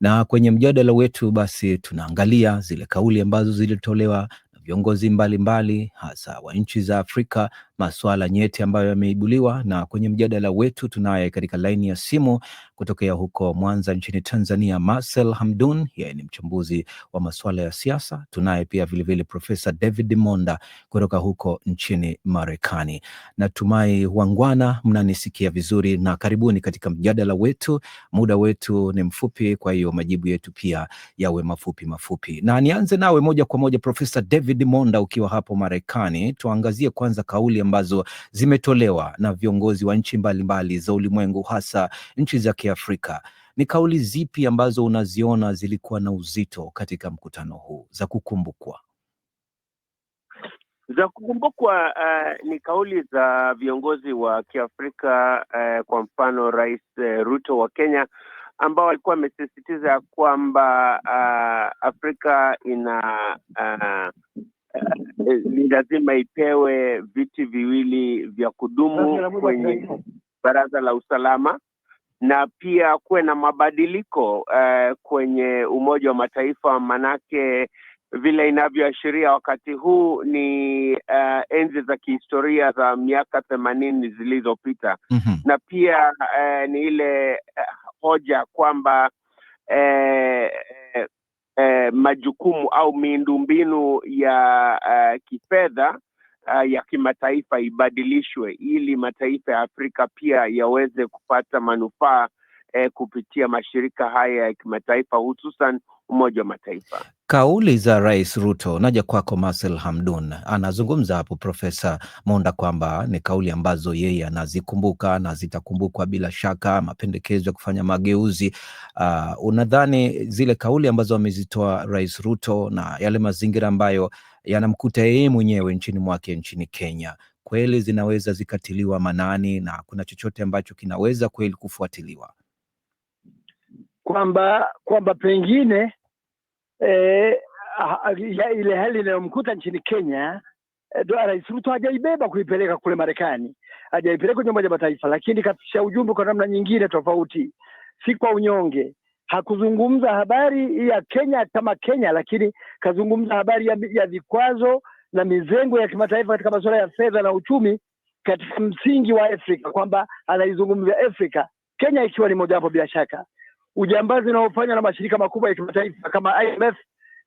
Na kwenye mjadala wetu basi tunaangalia zile kauli ambazo zilitolewa na viongozi mbalimbali hasa wa nchi za Afrika masuala nyeti ambayo yameibuliwa na kwenye mjadala wetu tunaye katika laini ya simu kutokea huko Mwanza nchini Tanzania, Marcel Hamdun, yeye ni mchambuzi wa masuala ya siasa. Tunaye pia vilevile Profesa David Monda kutoka huko nchini Marekani. Natumai wangwana, mnanisikia vizuri na karibuni katika mjadala wetu. Muda wetu ni mfupi, kwa hiyo majibu yetu pia yawe mafupi mafupi, na nianze nawe moja kwa moja, Profesa David Monda, ukiwa hapo Marekani, tuangazie kwanza kauli ambazo zimetolewa na viongozi wa nchi mbalimbali za ulimwengu, hasa nchi za Kiafrika. Ni kauli zipi ambazo unaziona zilikuwa na uzito katika mkutano huu za kukumbukwa? Za kukumbukwa uh, ni kauli za viongozi wa Kiafrika uh, kwa mfano Rais uh, Ruto wa Kenya ambao alikuwa amesisitiza kwamba uh, Afrika ina Eh, ni lazima ipewe viti viwili vya kudumu kwenye baraza la usalama na pia kuwe na mabadiliko uh, kwenye Umoja wa Mataifa, manake vile inavyoashiria wakati huu ni uh, enzi za kihistoria za miaka themanini zilizopita mm -hmm. na pia uh, ni ile uh, hoja kwamba uh, eh, majukumu au miundombinu ya uh, kifedha uh, ya kimataifa ibadilishwe ili mataifa ya Afrika pia yaweze kupata manufaa eh, kupitia mashirika haya ya kimataifa hususan Umoja wa Mataifa. Kauli za Rais Ruto, naja kwako Marcel Hamdun, anazungumza hapo Profesa Monda kwamba ni kauli ambazo yeye anazikumbuka na zitakumbukwa bila shaka, mapendekezo ya kufanya mageuzi. Uh, unadhani zile kauli ambazo amezitoa Rais Ruto na yale mazingira ambayo yanamkuta yeye mwenyewe nchini mwake nchini Kenya kweli zinaweza zikatiliwa manani na kuna chochote ambacho kinaweza kweli kufuatiliwa? kwamba kwamba pengine eh, ile hali inayomkuta nchini Kenya eh, Rais Ruto hajaibeba kuipeleka kule Marekani, hajaipeleka kwenye Umoja Mataifa, lakini kafikisha ujumbe kwa namna nyingine tofauti, si kwa unyonge. Hakuzungumza habari ya Kenya kama Kenya, lakini kazungumza habari ya, ya vikwazo na mizengo ya kimataifa katika masuala ya fedha na uchumi katika msingi wa Afrika, kwamba anaizungumzia Afrika, Kenya ikiwa ni mojawapo bila shaka ujambazi unaofanywa na mashirika makubwa ya kimataifa kama IMF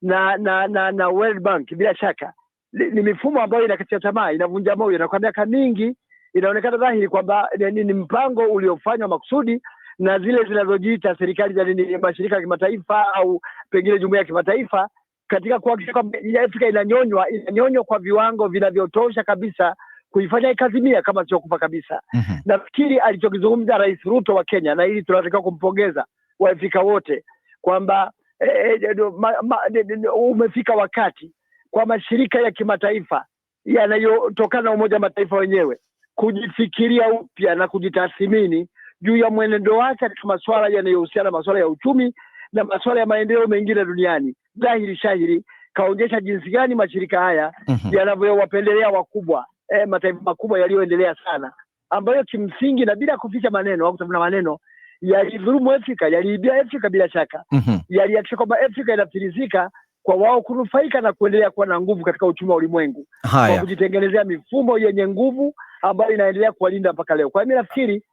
na na na, na World Bank bila shaka ni, ni mifumo ambayo inakatia tamaa, inavunja moyo, na kwa miaka mingi inaonekana dhahiri kwamba ni, ni mpango uliofanywa makusudi na zile zinazojiita serikali za nini, mashirika ya kimataifa au pengine jumuiya ya kimataifa katika kuhakikisha kwamba Afrika inanyonywa inanyonywa kwa viwango vinavyotosha kabisa kuifanya ikazimia kama sio kufa kabisa. mm -hmm. Nafikiri alichokizungumza Rais Ruto wa Kenya, na hili tunatakiwa kumpongeza, Waafrika wote kwamba eh, eh, eh umefika wakati kwa mashirika ya kimataifa yanayotokana na Umoja wa Mataifa wenyewe kujifikiria upya na kujitathimini juu ya mwenendo wake katika masuala yanayohusiana na masuala ya uchumi na masuala ya maendeleo mengine duniani. Dhahiri shahiri kaonyesha jinsi gani mashirika haya mm -hmm. yanavyowapendelea wakubwa eh, mataifa makubwa yaliyoendelea sana ambayo kimsingi na bila kuficha maneno au kutafuna maneno yalidhulumu Afrika, yaliibia Afrika bila shaka mm -hmm. Yalihakikisha kwamba Afrika inafirizika kwa wao kunufaika na kuendelea kuwa na nguvu katika uchumi wa ulimwengu kwa kujitengenezea mifumo yenye nguvu ambayo inaendelea kuwalinda mpaka leo. Kwa hiyo mi nafikiri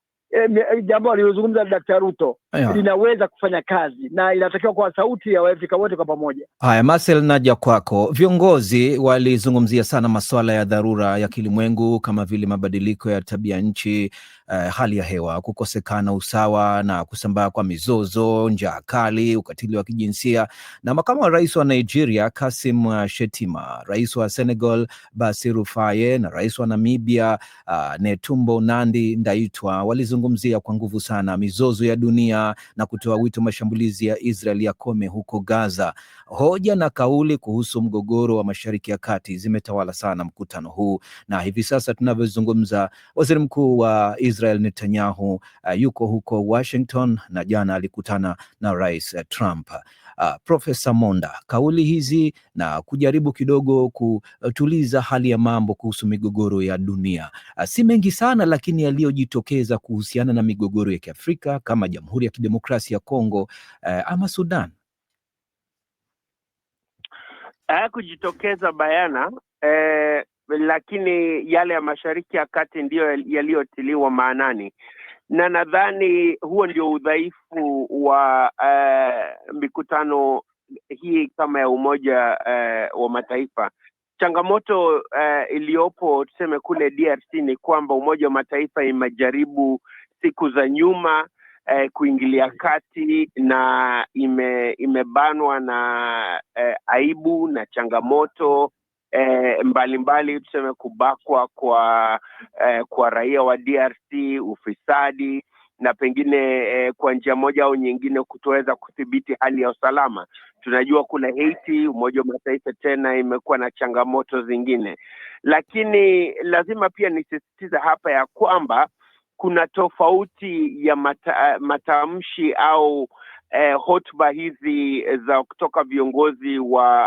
E, jambo alilozungumza Dkt. Ruto linaweza kufanya kazi na inatakiwa kwa sauti ya Waafrika wote kwa pamoja. Haya, Marcel, naja kwako. Viongozi walizungumzia sana masuala ya dharura ya kilimwengu kama vile mabadiliko ya tabia nchi, uh, hali ya hewa, kukosekana usawa na kusambaa kwa mizozo, njaa kali, ukatili wa kijinsia. Na makamu wa rais wa Nigeria Kasim Shetima, rais wa Senegal Basiru Faye na rais wa Namibia uh, Netumbo Nandi Ndaitwa walizungumzia kwa nguvu sana mizozo ya dunia na kutoa wito mashambulizi ya Israel yakome huko Gaza. Hoja na kauli kuhusu mgogoro wa Mashariki ya Kati zimetawala sana mkutano huu, na hivi sasa tunavyozungumza, waziri mkuu wa Israel Israel Netanyahu uh, yuko huko Washington na jana alikutana na Rais uh, Trump. Uh, Profesa Monda, kauli hizi na kujaribu kidogo kutuliza hali ya mambo kuhusu migogoro ya dunia uh, si mengi sana, lakini yaliyojitokeza kuhusiana na migogoro ya Kiafrika kama Jamhuri ya Kidemokrasia ya Kongo uh, ama Sudan hayakujitokeza eh, bayana eh, lakini yale ya mashariki ya kati ndiyo yaliyotiliwa maanani, na nadhani huo ndio udhaifu wa uh, mikutano hii kama ya Umoja uh, wa Mataifa. Changamoto uh, iliyopo tuseme kule DRC ni kwamba Umoja wa Mataifa imejaribu siku za nyuma uh, kuingilia kati na ime, imebanwa na uh, aibu na changamoto eh, mbalimbali tuseme kubakwa kwa eh, kwa raia wa DRC, ufisadi na pengine eh, kwa njia moja au nyingine kutoweza kudhibiti hali ya usalama. Tunajua kuna Haiti, Umoja wa Mataifa tena imekuwa na changamoto zingine, lakini lazima pia nisisitiza hapa ya kwamba kuna tofauti ya mata, matamshi au eh, hotuba hizi za kutoka viongozi wa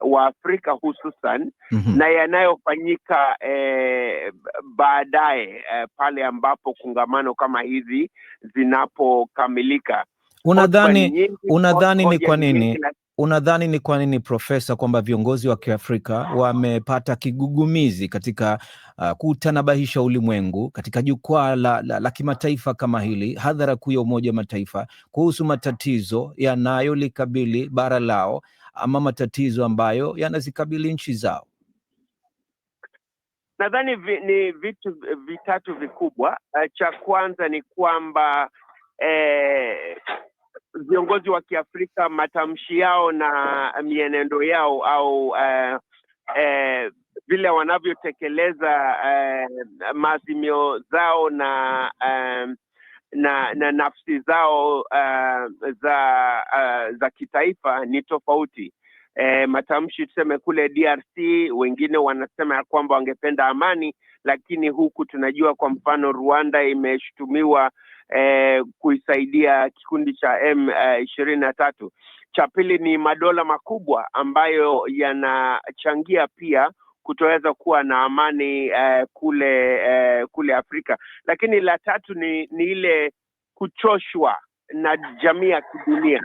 wa Afrika hususan mm -hmm. na yanayofanyika eh, baadaye eh, pale ambapo kongamano kama hizi zinapokamilika. Unadhani unadhani ni kwa nini unadhani ni kwa nini Profesa, kwamba viongozi wa Kiafrika wamepata kigugumizi katika uh, kutanabahisha ulimwengu katika jukwaa la, la, la kimataifa kama hili, hadhara kuu ya Umoja wa Mataifa kuhusu matatizo yanayolikabili bara lao ama matatizo ambayo yanazikabili nchi zao? Nadhani vi, ni vitu vitatu vikubwa. Eh, cha kwanza ni kwamba eh, viongozi eh, wa Kiafrika matamshi yao na mienendo yao au eh, eh, vile wanavyotekeleza eh, maazimio zao na eh, na na nafsi zao uh, za uh, za kitaifa ni tofauti. E, matamshi tuseme kule DRC wengine wanasema ya kwamba wangependa amani, lakini huku tunajua kwa mfano Rwanda imeshutumiwa e, kuisaidia kikundi cha M ishirini na tatu. Cha pili ni madola makubwa ambayo yanachangia pia kutoweza kuwa na amani eh, kule eh, kule Afrika. Lakini la tatu ni, ni ile kuchoshwa na jamii ya kidunia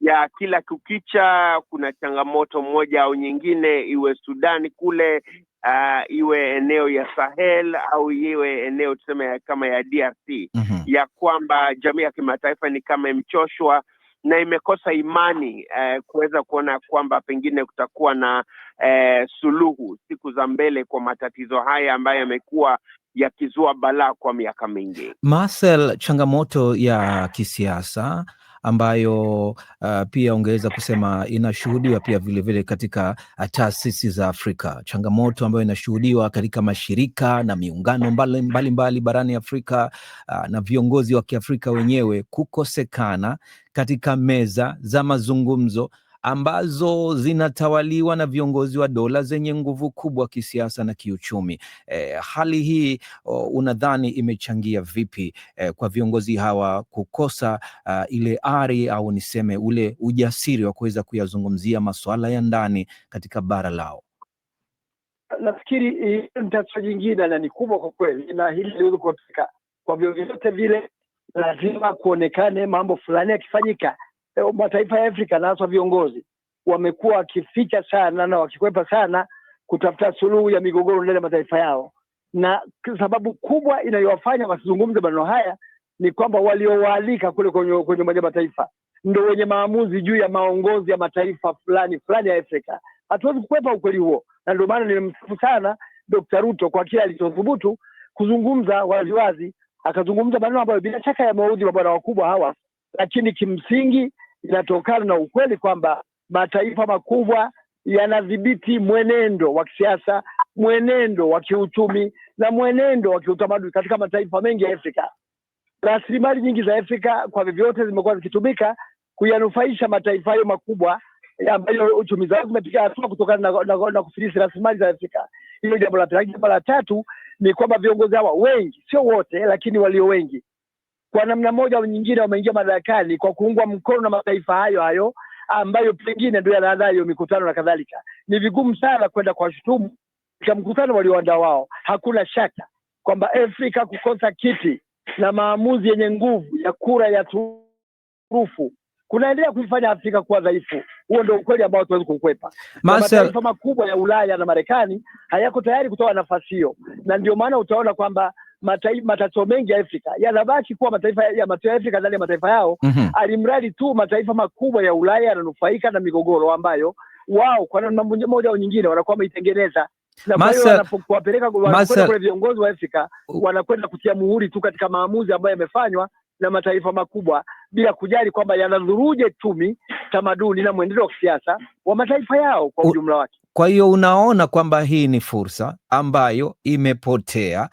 ya kila kukicha, kuna changamoto moja au nyingine, iwe Sudani kule uh, iwe eneo ya Sahel au iwe eneo tuseme kama ya DRC mm -hmm. ya kwamba jamii ya kimataifa ni kama imechoshwa na imekosa imani eh, kuweza kuona kwamba pengine kutakuwa na eh, suluhu siku za mbele kwa matatizo haya ambayo yamekuwa yakizua balaa kwa miaka mingi. Marcel, changamoto ya kisiasa ambayo uh, pia ungeweza kusema inashuhudiwa pia vilevile vile katika ah, taasisi za Afrika, changamoto ambayo inashuhudiwa katika mashirika na miungano mbalimbali mbali barani Afrika uh, na viongozi wa Kiafrika wenyewe kukosekana katika meza za mazungumzo ambazo zinatawaliwa na viongozi wa dola zenye nguvu kubwa kisiasa na kiuchumi. E, hali hii unadhani imechangia vipi e, kwa viongozi hawa kukosa a, ile ari au niseme ule ujasiri wa kuweza kuyazungumzia masuala ya ndani katika bara lao? Nafikiri e, ni tatizo jingine na ni kubwa kwa kweli, na hili liweze kuepeka kwa vyovyote vile, lazima kuonekane mambo fulani yakifanyika Eh, mataifa ya Afrika na hasa viongozi wamekuwa wakificha sana na wakikwepa sana kutafuta suluhu ya migogoro ndani ya mataifa yao, na sababu kubwa inayowafanya wasizungumze maneno haya ni kwamba waliowaalika kule kwenye kwenye Umoja Mataifa ndo wenye maamuzi juu ya maongozi ya mataifa fulani fulani ya Afrika. Hatuwezi kukwepa ukweli huo, na ndio maana nimemsifu sana Dr. Ruto kwa kile alichothubutu kuzungumza waziwazi, akazungumza maneno ambayo bila shaka yamewaudhi mabwana wakubwa hawa, lakini kimsingi inatokana na ukweli kwamba mataifa makubwa yanadhibiti mwenendo wa kisiasa, mwenendo wa kiuchumi na mwenendo wa kiutamaduni katika mataifa mengi ya Afrika. Rasilimali nyingi za Afrika kwa vyovyote zimekuwa zikitumika kuyanufaisha mataifa hayo makubwa ambayo uchumi zao zimepiga hatua kutokana na, na, na kufilisi rasilimali za Afrika. Hilo jambo la pili. Jambo la tatu ni kwamba viongozi hawa wengi, sio wote, lakini walio wengi kwa namna moja au nyingine wameingia madarakani kwa kuungwa mkono na mataifa hayo hayo ambayo pengine ndio yanaandaa hiyo mikutano na kadhalika. Ni vigumu sana kwenda shutumu katika mkutano walioandaa wao. Hakuna shaka kwamba Afrika kukosa kiti na maamuzi yenye nguvu ya kura ya turufu kunaendelea kuifanya Afrika kuwa dhaifu. Huo ndio ukweli ambao hatuwezi kukwepa. Mataifa makubwa ya Ulaya na Marekani hayako tayari kutoa nafasi hiyo, na ndio maana utaona kwamba matai, matatizo mengi ya Afrika yanabaki kuwa mataifa ya mataifa ya Afrika ndani ya mataifa yao mm -hmm. Alimradi tu mataifa makubwa ya Ulaya yananufaika na migogoro ambayo wao kwa namna moja au nyingine wanakuwa wameitengeneza na kwa viongozi wa Afrika wanakwenda kutia muhuri tu katika maamuzi ambayo yamefanywa na mataifa makubwa bila kujali kwamba yanadhuruje chumi tamaduni na mwendeleo wa kisiasa wa mataifa yao kwa ujumla wake. Kwa hiyo unaona kwamba hii ni fursa ambayo imepotea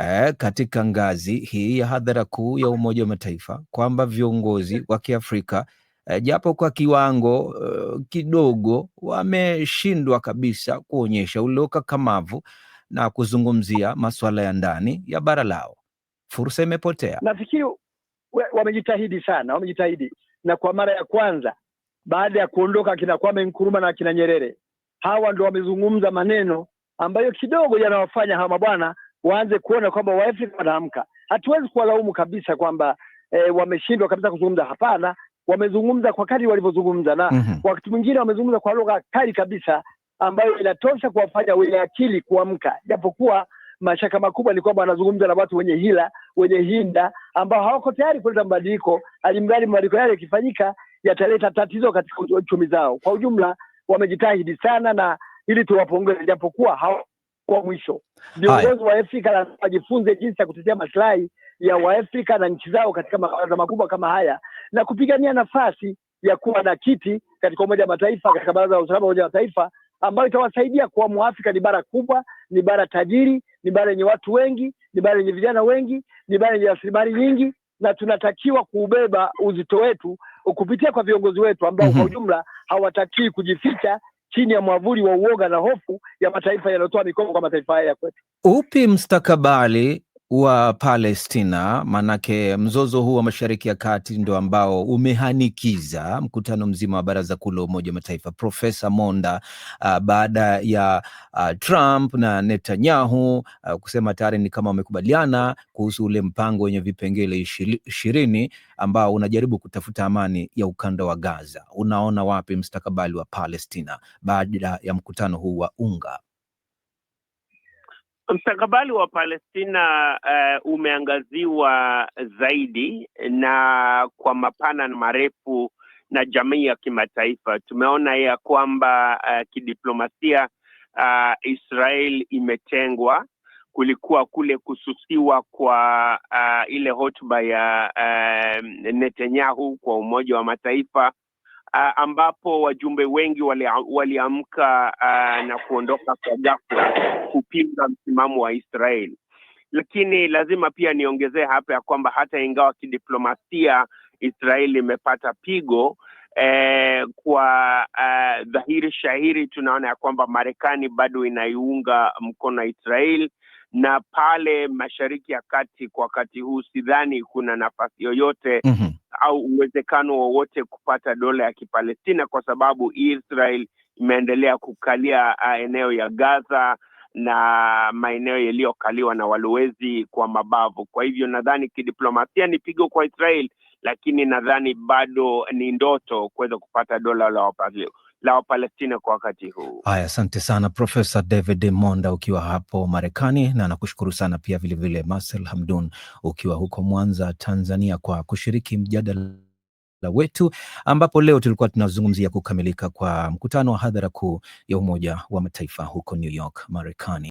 eh, katika ngazi hii ya hadhara kuu ya Umoja wa Mataifa kwamba viongozi wa Kiafrika eh, japo kwa kiwango eh, kidogo wameshindwa kabisa kuonyesha ule ukakamavu na kuzungumzia masuala ya ndani ya bara lao. Fursa imepotea. Nafikiri wamejitahidi sana, wamejitahidi na kwa mara ya kwanza baada ya kuondoka akina Kwame Nkrumah na akina Nyerere, hawa ndo wamezungumza maneno ambayo kidogo yanawafanya hawa mabwana waanze kuona kwamba Waafrika wanaamka. Hatuwezi kuwalaumu kabisa kwamba e, wameshindwa kabisa kuzungumza. Hapana, wamezungumza kwa kadri walivyozungumza, na mm -hmm. wakati mwingine wamezungumza kwa lugha kali kabisa ambayo inatosha kuwafanya wenye akili kuamka, japokuwa mashaka makubwa ni kwamba wanazungumza na watu wenye hila, wenye hinda ambao hawako tayari kuleta mabadiliko, alimradi mabadiliko yale yakifanyika yataleta tatizo katika uchumi zao. Kwa ujumla, wamejitahidi sana na ili tuwapongeze, japokuwa hawa kwa mwisho Viongozi wa Afrika lazima wajifunze jinsi ya kutetea maslahi ya Waafrika na nchi zao katika mabaraza makubwa kama haya na kupigania nafasi ya kuwa na kiti katika Umoja wa Mataifa, katika Baraza la Usalama Umoja wa Mataifa, ambayo itawasaidia kuwa Mwafrika ni bara kubwa, ni bara tajiri, ni bara yenye watu wengi, ni bara yenye vijana wengi, ni bara yenye rasilimali nyingi, na tunatakiwa kuubeba uzito wetu kupitia kwa viongozi wetu ambao kwa mhm. ujumla hawatakii kujificha chini ya mwavuli wa uoga na hofu ya mataifa yanayotoa mikopo kwa mataifa haya ya kwetu. Upi mstakabali wa Palestina, maanake mzozo huu wa Mashariki ya Kati ndo ambao umehanikiza mkutano mzima wa Baraza Kuu la Umoja wa Mataifa. Profesa Monda, uh, baada ya uh, Trump na Netanyahu uh, kusema tayari ni kama wamekubaliana kuhusu ule mpango wenye vipengele ishirini ambao unajaribu kutafuta amani ya ukanda wa Gaza, unaona wapi mstakabali wa Palestina baada ya mkutano huu wa UNGA? Mstakabali wa Palestina uh, umeangaziwa zaidi na kwa mapana na marefu na jamii ya kimataifa. Tumeona ya kwamba uh, kidiplomasia uh, Israel imetengwa. Kulikuwa kule kususiwa kwa uh, ile hotuba ya uh, Netanyahu kwa Umoja wa Mataifa uh, ambapo wajumbe wengi waliamka wali uh, na kuondoka kwa ghafla kupinga msimamo wa Israel. Lakini lazima pia niongezee hapa ya kwamba hata ingawa kidiplomasia Israel imepata pigo eh, kwa uh, dhahiri shahiri tunaona ya kwamba Marekani bado inaiunga mkono Israel na pale Mashariki ya Kati kwa wakati huu sidhani kuna nafasi yoyote mm -hmm. au uwezekano wowote kupata dola ya Kipalestina kwa sababu Israel imeendelea kukalia ah, eneo ya Gaza na maeneo yaliyokaliwa na walowezi kwa mabavu. Kwa hivyo nadhani kidiplomasia ni pigo kwa Israel, lakini nadhani bado ni ndoto kuweza kupata dola la wapalio la Wapalestina kwa wakati huu. Haya, asante sana Profesa David Monda ukiwa hapo Marekani, na nakushukuru sana pia vilevile Marcel Hamdun ukiwa huko Mwanza, Tanzania, kwa kushiriki mjadala la wetu ambapo leo tulikuwa tunazungumzia kukamilika kwa mkutano wa hadhara kuu ya Umoja wa Mataifa huko New York, Marekani.